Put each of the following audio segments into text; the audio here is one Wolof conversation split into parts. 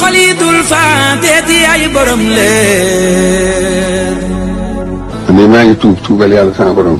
xalidul faateeti ay borom leer. man de maa ngi tuub tuubal yàlla sama borom.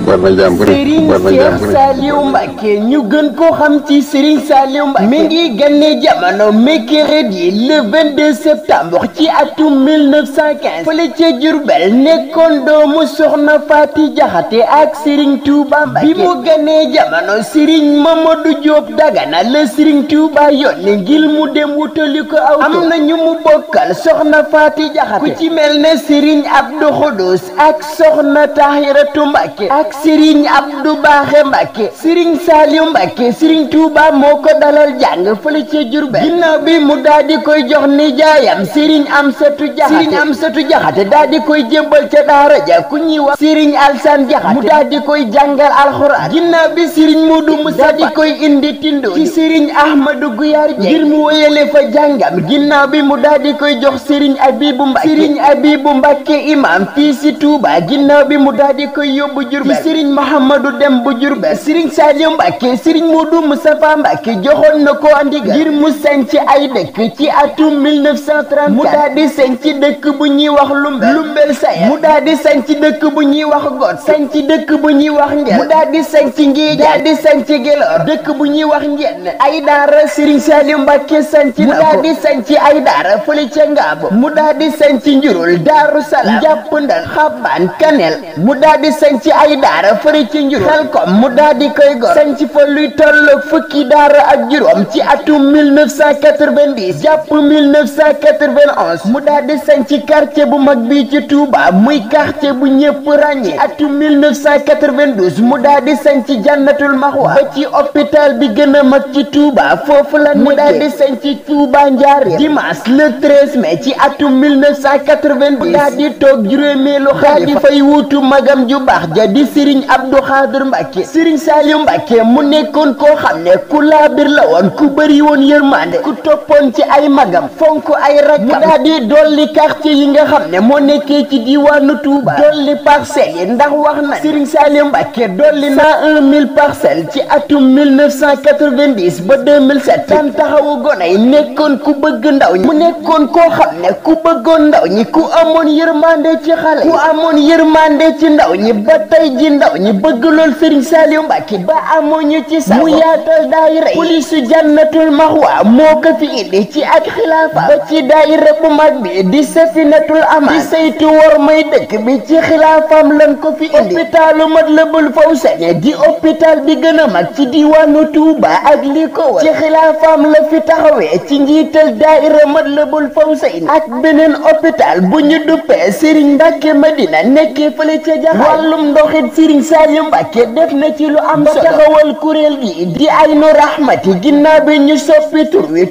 Serigne Cheikh Saliou Mbacké ñu gën koo xam ci Serigne Saliou Mbacké mi ngi génne jamono mercredi le 22 septembre ci atum 1915 fële ca Diourbel nekkoon doomu Soxna Faati Jaxate ak Serigne Touba Mbacké bi mu génnee jamono Serigne Mamadou Diop Dagana la Serigne Touba yónni ngir mu dem wutali ko aw am na ñu mu bokkal Soxna Faati Jaxate ku ci mel ne Serigne Abdou Khoudous ak Soxna Tahiratu Mbacké ak Serigne Abdou Baaxe Mbacke Serigne Saliou Mbacke Serigne Touba moo ko dalal jàng fële ca Diourbel ginnaaw bi mu daal di koy jox nijaayam Serigne am Jaxate Serigne Amsatu Jaxate daal di koy jébbal ca daara ja ku ñuy wax Serigne Alsan Jaxate mu daal di koy jàngal alxuraan ginnaaw bi Serigne Modou Moussa di koy indi tindo ci Serigne Ahmadou Guyar Dieng ngir mu wéyale fa jàngam ginnaaw bi mu daal di koy jox Serigne Abibou Mbacke Serigne Abibou Mbacke fii si Touba ginnaaw bi mu daal di koy yóbbu Diourbel Serigne Mahamadou Dem bu Jurbel Serigne Saliou Mbacke Serigne Modou Moustapha Mbacke joxoon na ko ndigal ngir mu sanc ay dëkk ci atum 1934 mu daal di sanc dëkk bu ñuy wax Lumbel Lumbel Sayel mu daal di sanc dëkk bu ñuy wax Got sanc dëkk bu ñuy wax di sanc Ngéej di sanc Gelor dëkk bu ñuy wax Njenn ay daara Serigne Saliou Mbacke sanc na ko mu ay daara fële ca mu daal di sanc Njurul Daaru Salaam Njàpp Ndal Xabaan Kanel mu daal di ay daara daara fëri ci njukkal kom mu daa di koy gor sañc fa luy tolloog fukki daara ak juróom ci atum 1990 jàpp 1991 mu daa di sañc quartier bu mag bi ci Touba muy quartier bu ñëpp ràññee atum 1992 mu daa di sañc jannatul maxwa ba ci hôpital bi gën mag ci Touba foofu la mu daa di sañc Touba Njaaréem dimanche le 13 ci atum 1990 mu daa di toog juróomeelu xalifa fay wuutu magam ju baax ja di Serigne Abdou Khader Mbacke Serigne Saliou Mbacke mu nekkoon koo xam ne ku laabir la woon ku bëri woon yërmande ku toppoon ci ay magam fonk ay rakkam mu daal di dolli quartier yi nga xam ne moo nekkee ci diwaanu Touba dolli parcelles yi ndax wax na Serigne Saliou Mbacke dolli na 1000 parcelles ci atum 1990 ba 2007 daan taxawu gone yi nekkoon ku bëgg ndaw ñi mu nekkoon koo xam ne ku bëggoon ku amoon yërmande ci xale ku amoon yërmande ci ndaw ñi ba tey ji ci ndaw ñi bëgg lool Serigne Saliou Mbacke ba amoñu ci sax mu yaatal daayira polisu jannatul maxwa moo ko fi indi ci ak xilaafa ba ci daayira bu mag bi di safinatul aman di saytu war may dëkk bi ci xilaafaam lan ko fi indi hôpitalu Matlaboul Fawzayni di hôpital bi gën a mag ci diwaanu Touba ak li ko war ci xilaafaam la fi taxawee ci njiital daayira Matlaboul Fawzayni ak beneen hôpital bu ñu duppee Serigne ma Madina nekkee fële ca jaxal wàllum ndoxit sëriñ Saliou Mbacke def lu am solo di aynu rahmati ginnaaw bi ñu soppi tur wi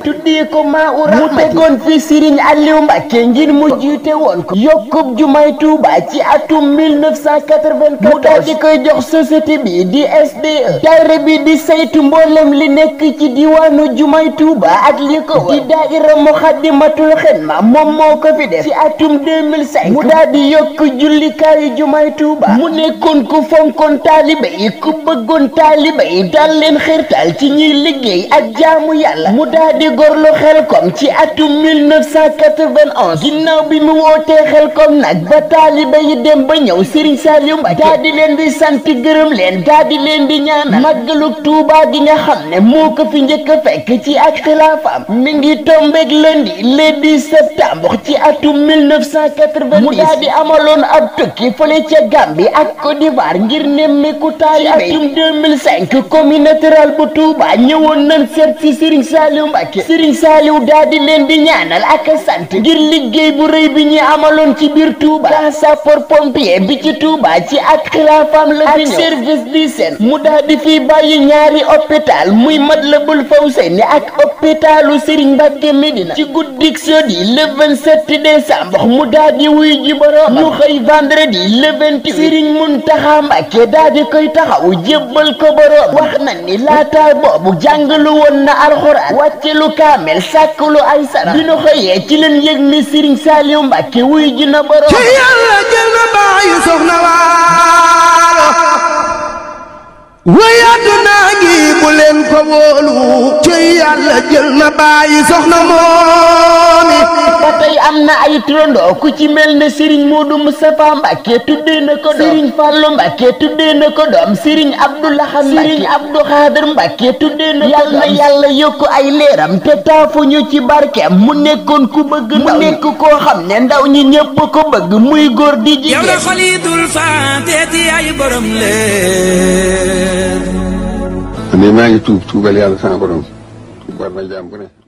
mu tegoon woon ko yokkub jumay Touba ci atum 1984 mu daal di koy jox société bi di SDE daayira bi di saytu mboolem li nekk ci diwaanu jumay Touba ak li ko di daayira Muxaddamatul Xidma moom moo ko fi def ci atum mu daal yokk jullikaayu jumay Touba mu nekkoon ko ku fonkoon taalibe yi ku bëggoon taalibe yi daal leen xirtal ci ñuy liggéey ak jaamu yàlla mu daa gor gorlu xelkom ci atum 1991 ginnaaw bi mu wootee xelkom nag ba taalibe yi dem ba ñëw Serigne Saliou Mbacké daa di leen di sant gërëm leen daa di leen di ñaanal màggalu Tuubaa gi nga xam ne moo ko fi njëkk a fekk ci ak xilaafaam mi ngi tombeeg lundi le 10 septembre ci atum 1990 mu daa di amaloon ab tukki fële ca Gambie ak Côte d'Ivoire xibaar ngir nemmeeku taay atum 2005 commune rurale bu Touba ñëwoon nañ seet si Serigne Saliou Mbacké Serigne Saliou daal di leen di ñaanal ak sant ngir liggéey bu rëy bi ñu amaloon ci biir Touba ka sapeur pompier bi ci Touba ci ak xilaafam la fi ñëw mu daal di fi bàyyi ñaari hôpital muy Matlaboul Fawzeyni ak hôpitalu Serigne Mbacké Médina ci guddik jeudi le 27 décembre mu daal di wuy ji borom ñu xëy vendredi le 28 Serigne Muntaxa Mbàkke daal di koy taxaw jébbal ko boroom wax na ni laata boobu jàngalu woon na alxuraan wàcce lu kaamel sàkk lu ay sara bi nu xëyee ci leen yëg ni Sëriñ Saaliw wuy ji na boroom ci yàlla jël na bàyyi soxna waalo bu leen ko wóolu ci yàlla jël na bàyyi soxna moomi ba tey am na ay turandoo ku ci mel ne Serigne Modou Moustapha Mbacké tuddee na ko doom Serigne Fallou Mbacké tuddee na ko doom Serigne Abdou Lahad Mbacké Serigne tuddee na ko doom yàlla yàlla ay leeram te taafu ci barkeem mu nekkoon ku bëgg mu nekk koo xam ne ndaw ñi ñëpp ko bëgg muy góor di jigéen yow la xalidul faateti ay borom leer man maa ngi tuub tuubal yàlla sama borom war na jaam bu